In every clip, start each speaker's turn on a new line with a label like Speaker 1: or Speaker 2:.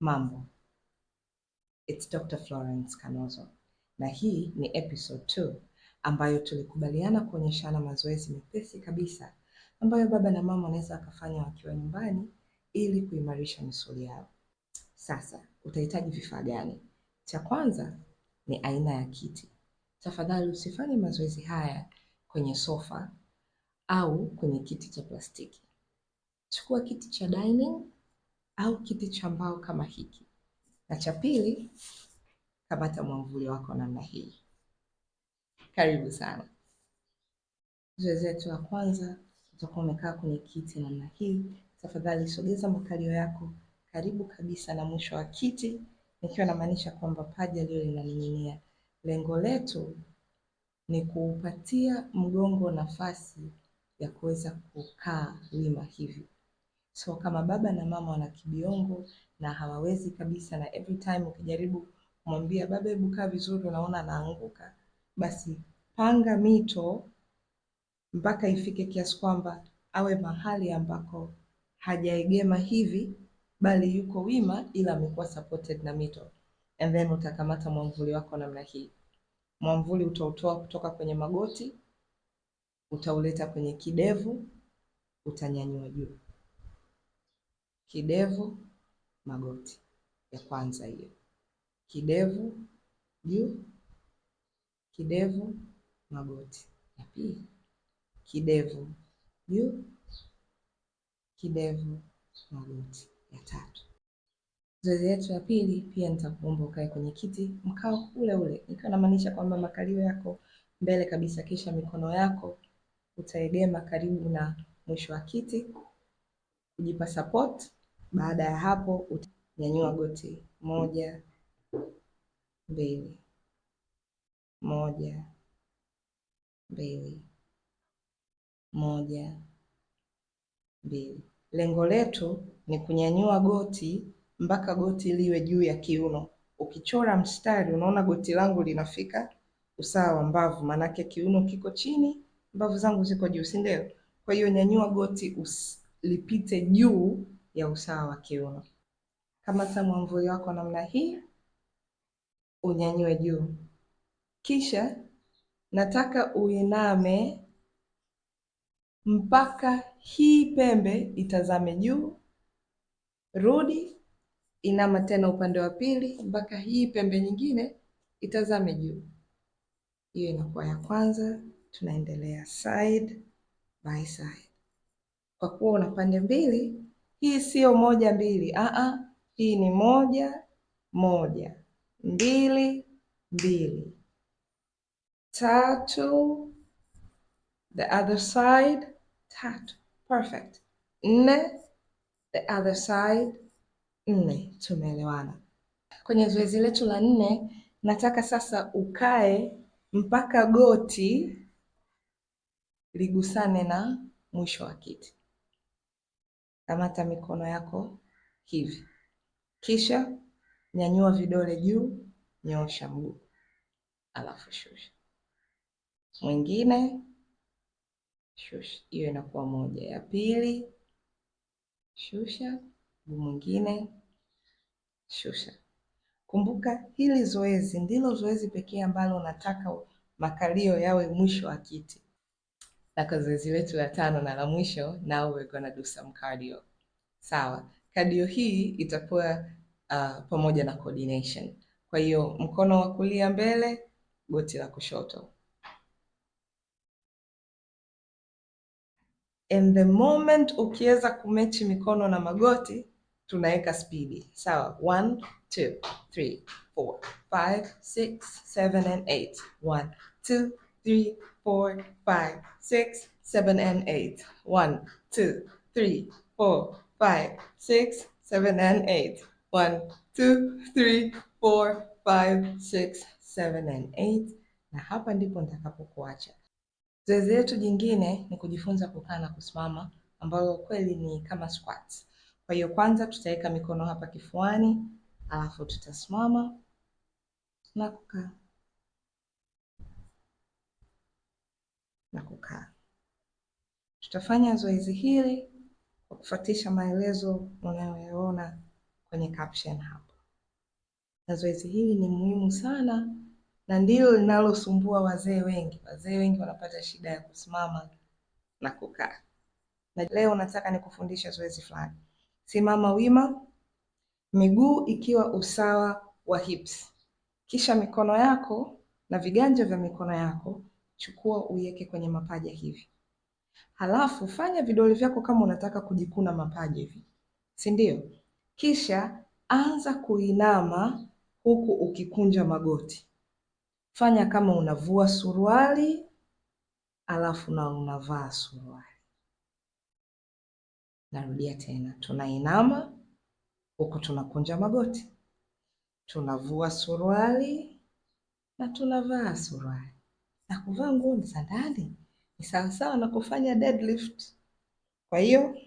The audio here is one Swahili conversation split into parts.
Speaker 1: Mambo, it's Dr. Florence Kanozo na hii ni episode 2 ambayo tulikubaliana kuonyeshana mazoezi mepesi kabisa ambayo baba na mama wanaweza wakafanya wakiwa nyumbani ili kuimarisha misuli yao. Sasa utahitaji vifaa gani? Cha kwanza ni aina ya kiti. Tafadhali usifanye mazoezi haya kwenye sofa au kwenye kiti cha plastiki. Chukua kiti cha dining au kiti cha mbao kama hiki, na cha pili, kamata mwamvuli wako namna hii. Karibu sana. Zoezi letu la kwanza, utakuwa umekaa kwenye kiti namna hii. Tafadhali sogeza makalio yako karibu kabisa na mwisho wa kiti, nikiwa namaanisha kwamba paja lile linaning'inia. Lengo letu ni kuupatia mgongo nafasi ya kuweza kukaa wima hivi. So kama baba na mama wana kibiongo na hawawezi kabisa, na every time ukijaribu kumwambia baba, hebu kaa vizuri, unaona anaanguka, basi panga mito mpaka ifike kiasi kwamba awe mahali ambako hajaegema hivi, bali yuko wima, ila amekuwa supported na mito, and then utakamata mwamvuli wako namna hii. Mwamvuli utautoa kutoka kwenye magoti, utauleta kwenye kidevu, utanyanyua juu kidevu, magoti. Ya kwanza hiyo, kidevu juu, kidevu magoti. Ya pili, kidevu juu, kidevu magoti. Ya tatu. Zoezi yetu ya pili pia nitakuomba ukae kwenye kiti mkao ule ule, nikiwa namaanisha kwamba makalio yako mbele kabisa, kisha mikono yako utaegema karibu na mwisho wa kiti kujipa support baada ya hapo utanyanyua goti moja, mbili, moja, mbili, moja, mbili. Lengo letu ni kunyanyua goti mpaka goti liwe juu ya kiuno. Ukichora mstari unaona goti langu linafika usawa wa mbavu, maanake kiuno kiko chini, mbavu zangu ziko juu, si ndio? Kwa hiyo nyanyua goti lipite juu ya usawa wa kiuno. Kamata mwamvuli wako namna hii, unyanyue juu, kisha nataka uiname mpaka hii pembe itazame juu. Rudi, inama tena upande wa pili mpaka hii pembe nyingine itazame juu. Hiyo inakuwa ya kwanza. Tunaendelea side by side. Kwa kuwa una pande mbili, hii siyo moja mbili, aa, hii ni moja moja, mbili mbili, tatu, the other side, tatu, perfect. Nne, the other side, nne. Tumeelewana. Kwenye zoezi letu la nne, nataka sasa ukae mpaka goti ligusane na mwisho wa kiti. Kamata mikono yako hivi, kisha nyanyua vidole juu, nyoosha mguu, alafu shusha mwingine, shusha. Hiyo inakuwa moja. Ya pili, shusha mguu mwingine, shusha. Kumbuka hili zoezi ndilo zoezi pekee ambalo unataka makalio yawe mwisho wa kiti na zoezi letu la tano na la mwisho, now we're gonna do some cardio. Sawa, cardio hii itakuwa uh, pamoja na coordination. Kwa hiyo mkono wa kulia mbele, goti la kushoto. In the moment ukiweza kumechi mikono na magoti, tunaweka spidi. Sawa, 1 2 3 4 5 6 7 and 8 1 2 three, four, five, six, seven, and eight. One, two, three, four, five, six, seven, and eight. One, two, three, four, five, six, seven, and eight. Na hapa ndipo nitakapokuacha. Zoezi yetu jingine ni kujifunza kukaa na kusimama, ambalo kweli ni kama squats. Kwa hiyo kwanza tutaweka mikono hapa kifuani, alafu tutasimama na kukaa. na kukaa. Tutafanya zoezi hili kwa kufuatisha maelezo unayoyaona kwenye caption hapo, na zoezi hili ni muhimu sana na ndilo linalosumbua wazee wengi. Wazee wengi wanapata shida ya kusimama na kukaa, na leo nataka nikufundisha zoezi fulani. Simama wima, miguu ikiwa usawa wa hips, kisha mikono yako na viganja vya mikono yako chukua uiweke kwenye mapaja hivi, halafu fanya vidole vyako kama unataka kujikuna mapaja hivi, si ndio? Kisha anza kuinama huku ukikunja magoti, fanya kama unavua suruali alafu na unavaa suruali. Narudia tena, tunainama huku tunakunja magoti, tunavua suruali na tunavaa suruali na kuvaa nguo za ndani ni sawasawa na kufanya deadlift. Kwa hiyo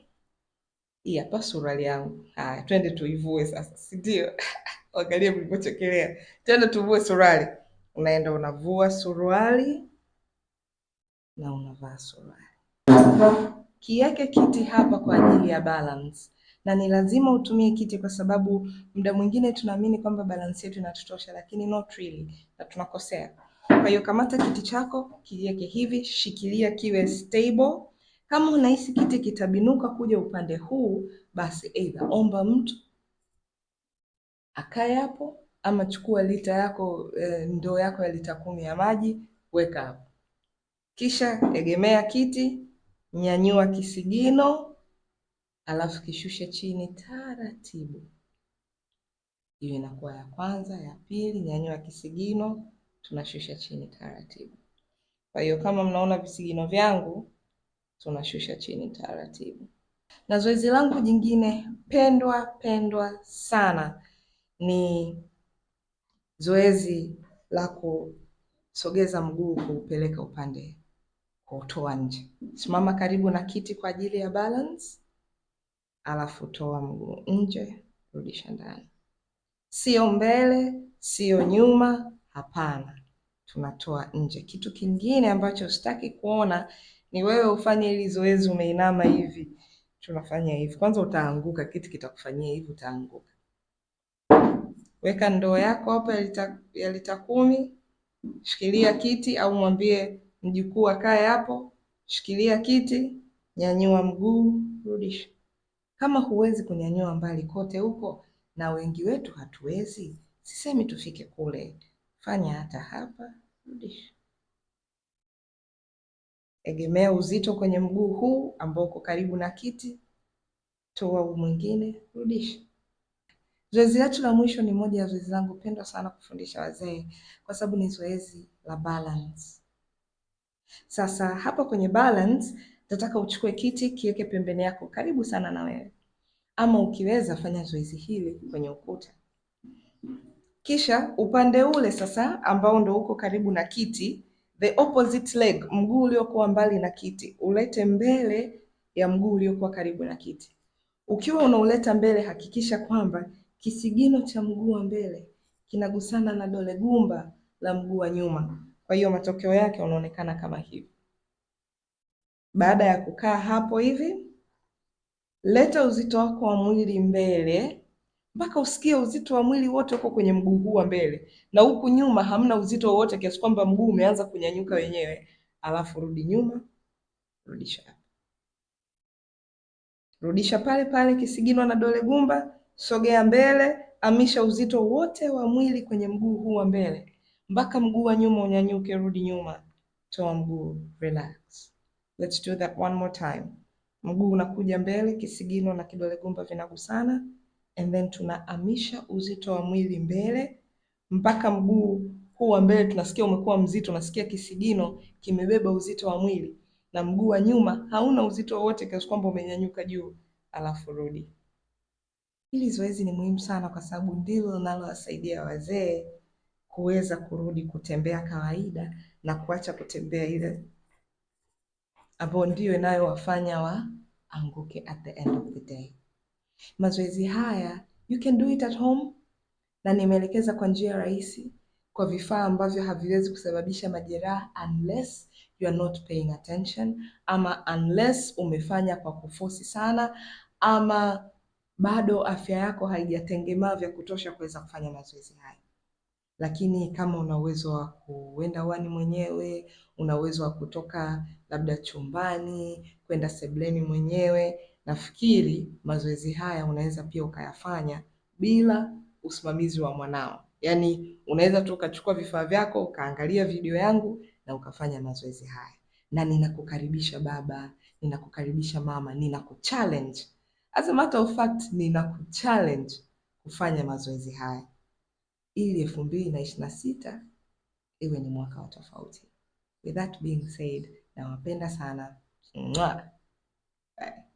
Speaker 1: hii hapa suruali yangu. Haya, twende tuivue sasa, si ndio? Angalia mlivyochokelea. Twende tuvue suruali. Unaenda unavua suruali na unavaa suruali. Kiweke kiti hapa kwa ajili ya balance, na ni lazima utumie kiti kwa sababu muda mwingine tunaamini kwamba balance yetu inatutosha, lakini not really, na tunakosea. Kwa hiyo kamata kiti chako, kiweke hivi, shikilia kiwe stable. Kama unahisi kiti kitabinuka kuja upande huu, basi aidha omba mtu akae hapo, ama chukua lita yako e, ndoo yako ya lita kumi ya maji weka hapo, kisha egemea kiti, nyanyua kisigino, alafu kishushe chini taratibu. Hiyo inakuwa ya kwanza. Ya pili, nyanyua kisigino tunashusha chini taratibu. Kwa hiyo kama mnaona visigino vyangu, tunashusha chini taratibu. Na zoezi langu jingine pendwa pendwa sana ni zoezi la kusogeza mguu kuupeleka upande utoa nje. Simama karibu na kiti kwa ajili ya balance, alafu toa mguu nje, rudisha ndani. Sio mbele, sio nyuma, Hapana, tunatoa nje. Kitu kingine ambacho sitaki kuona ni wewe ufanye hili zoezi umeinama hivi, tunafanya hivi. Kwanza utaanguka, kiti kitakufanyia hivi, utaanguka. Weka ndoo yako hapo ya lita kumi, shikilia kiti au mwambie mjukuu akae hapo, shikilia kiti, nyanyua mguu, rudisha. Kama huwezi kunyanyua mbali kote huko, na wengi wetu hatuwezi, sisemi tufike kule fanya hata hapa, rudisha. Egemea uzito kwenye mguu huu ambao uko karibu na kiti, toa huu mwingine, rudisha. Zoezi letu la mwisho ni moja ya zoezi langu pendwa sana kufundisha wazee, kwa sababu ni zoezi la balance. Sasa hapa kwenye balance, nataka uchukue kiti kiweke pembeni yako karibu sana na wewe, ama ukiweza fanya zoezi hili kwenye ukuta. Kisha upande ule sasa ambao ndo uko karibu na kiti, the opposite leg, mguu uliokuwa mbali na kiti ulete mbele ya mguu uliokuwa karibu na kiti. Ukiwa unauleta mbele, hakikisha kwamba kisigino cha mguu wa mbele kinagusana na dole gumba la mguu wa nyuma. Kwa hiyo matokeo yake unaonekana kama hivi. Baada ya kukaa hapo hivi, leta uzito wako wa mwili mbele mpaka usikie uzito wa mwili wote uko kwenye mguu huu wa mbele, na huku nyuma hamna uzito wowote kiasi kwamba mguu umeanza kunyanyuka wenyewe. Alafu rudi nyuma, rudisha rudisha pale pale, kisigino na dole gumba, sogea mbele, amisha uzito wote wa mwili kwenye mguu huu wa mbele mpaka mguu wa nyuma unyanyuke. Rudi nyuma, toa mguu, relax. Let's do that one more time. Mguu unakuja mbele, kisigino na kidole gumba vinagusana and then tunahamisha uzito wa mwili mbele mpaka mguu huu wa mbele tunasikia umekuwa mzito, unasikia kisigino kimebeba uzito wa mwili na mguu wa nyuma hauna uzito wowote kiasi kwamba umenyanyuka juu, alafu rudi. Hili zoezi ni muhimu sana kwa sababu ndilo linalowasaidia wazee kuweza kurudi kutembea kawaida na kuacha kutembea ile ambayo ndiyo inayowafanya waanguke at the end of the day. Mazoezi haya you can do it at home na nimeelekeza kwa njia rahisi kwa vifaa ambavyo haviwezi kusababisha majeraha unless you are not paying attention ama unless umefanya kwa kufosi sana ama bado afya yako haijatengemaa vya kutosha kuweza kufanya mazoezi haya. Lakini kama una uwezo wa kuenda wani mwenyewe, una uwezo wa kutoka labda chumbani, kwenda sebleni mwenyewe Nafikiri mazoezi haya unaweza pia ukayafanya bila usimamizi wa mwanao, yaani unaweza tu ukachukua vifaa vyako ukaangalia video yangu na ukafanya mazoezi haya. Na ninakukaribisha baba, ninakukaribisha mama, ninakuchallenge as a matter of fact, ninakuchallenge kufanya mazoezi haya ili elfu mbili na ishirini na sita iwe ni mwaka wa tofauti. With that being said, nawapenda sana. Mwah. Bye.